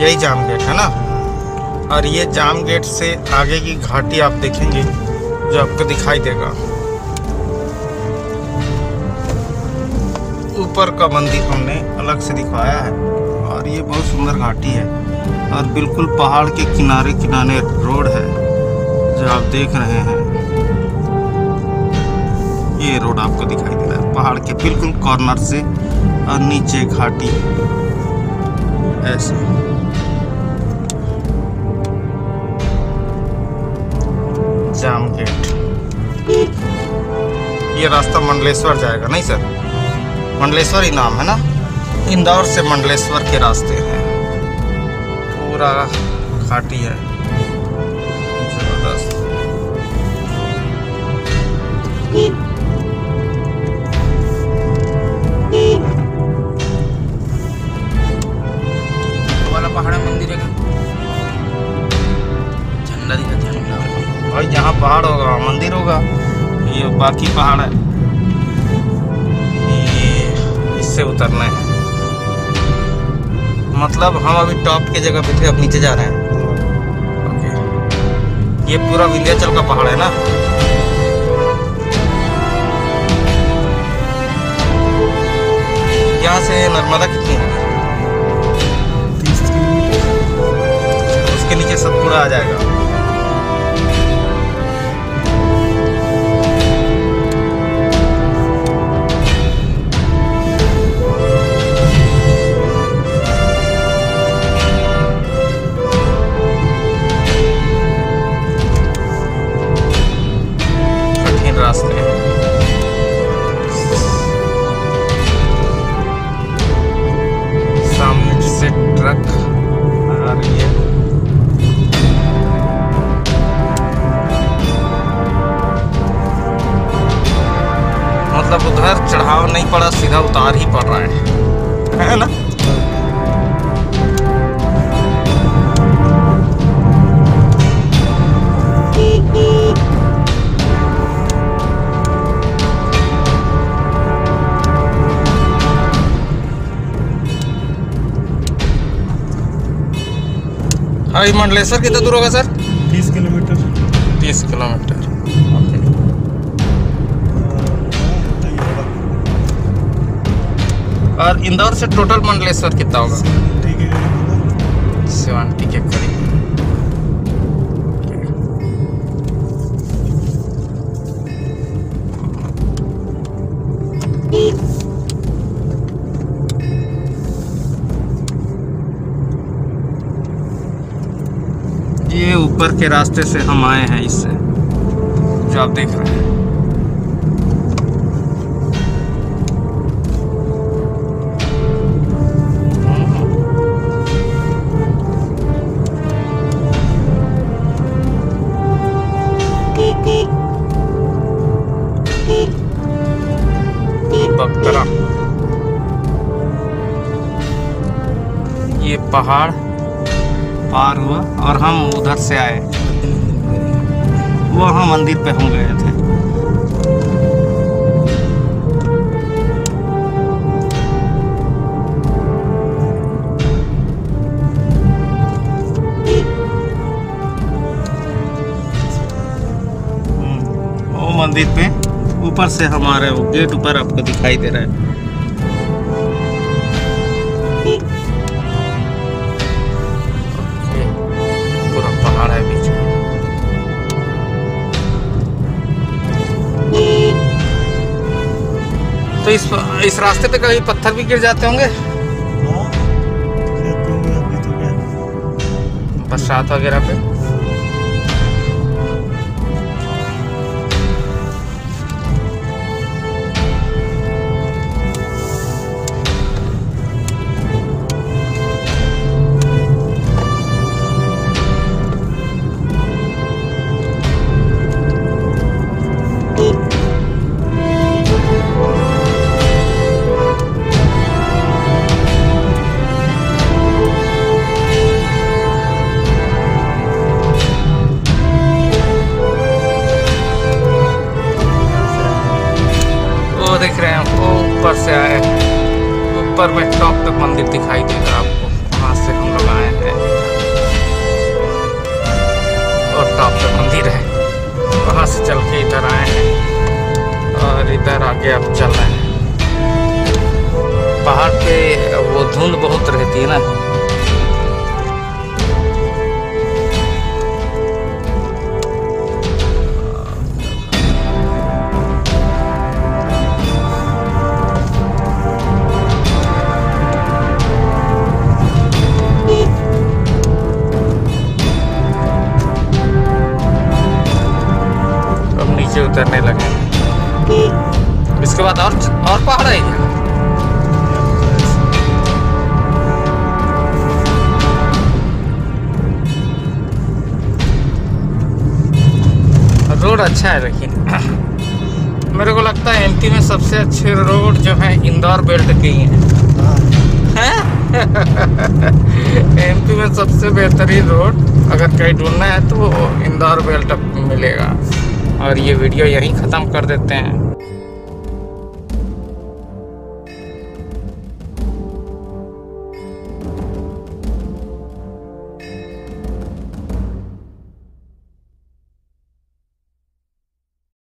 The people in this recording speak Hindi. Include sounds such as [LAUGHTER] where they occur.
यही जाम गेट है ना और ये जाम गेट से आगे की घाटी आप देखेंगे जो आपको दिखाई देगा ऊपर का मंदिर हमने अलग से दिखाया है और ये बहुत सुंदर घाटी है और बिल्कुल पहाड़ के किनारे किनारे रोड है जो आप देख रहे हैं ये रोड आपको दिखाई दे रहा है पहाड़ के बिल्कुल कॉर्नर से और नीचे घाटी ऐसे जाम गेट ये रास्ता मंडलेश्वर जाएगा नहीं सर मंडलेश्वर ही नाम है ना इंदौर से मंडलेश्वर के रास्ते हैं पूरा घाटी है ज़बरदस्त वाला पहाड़ा मंदिर है भाई जहाँ पहाड़ होगा वहाँ मंदिर होगा ये बाकी पहाड़ है ये इससे उतरना है मतलब हम अभी टॉप के जगह पे थे अब नीचे जा रहे हैं ये पूरा विंध्याचल का पहाड़ है ना यहाँ से नर्मदा कितनी है उसके नीचे सतपुड़ा आ जाएगा महंगा उतार ही पड़ रहा है है ना हाँ मंडलेश्वर कितना दूर होगा सर तीस किलोमीटर तीस किलोमीटर और इंदौर से टोटल मंडलेश्वर कितना होगा सेवेंटी के करीब ये ऊपर के रास्ते से हम आए हैं इससे जो आप देख रहे हैं ये पहाड़ पार हुआ और हम उधर से आए वहाँ मंदिर पे हम गए थे हम्म, मंदिर पे ऊपर से हमारे गेट ऊपर आपको दिखाई दे रहा है तो इस इस रास्ते पे कभी पत्थर भी गिर जाते होंगे हाँ। तो तो बरसात वगैरह पे आपको ऊपर से आए ऊपर में टॉप तक मंदिर दिखाई देगा आपको वहाँ से हम लोग आए हैं और टॉप तक मंदिर है वहाँ से चल के इधर आए हैं और इधर आगे आप चल रहे हैं पहाड़ पे वो धुंध बहुत रहती है ना नीचे उतरने लगे इसके बाद और और पहाड़ है रोड अच्छा है लेकिन [CLEARS THROAT] मेरे को लगता है एमपी में सबसे अच्छे रोड जो है इंदौर बेल्ट के ही हैं [LAUGHS] एमपी में सबसे बेहतरीन रोड अगर कहीं ढूंढना है तो इंदौर बेल्ट मिलेगा और ये वीडियो यहीं ख़त्म कर देते हैं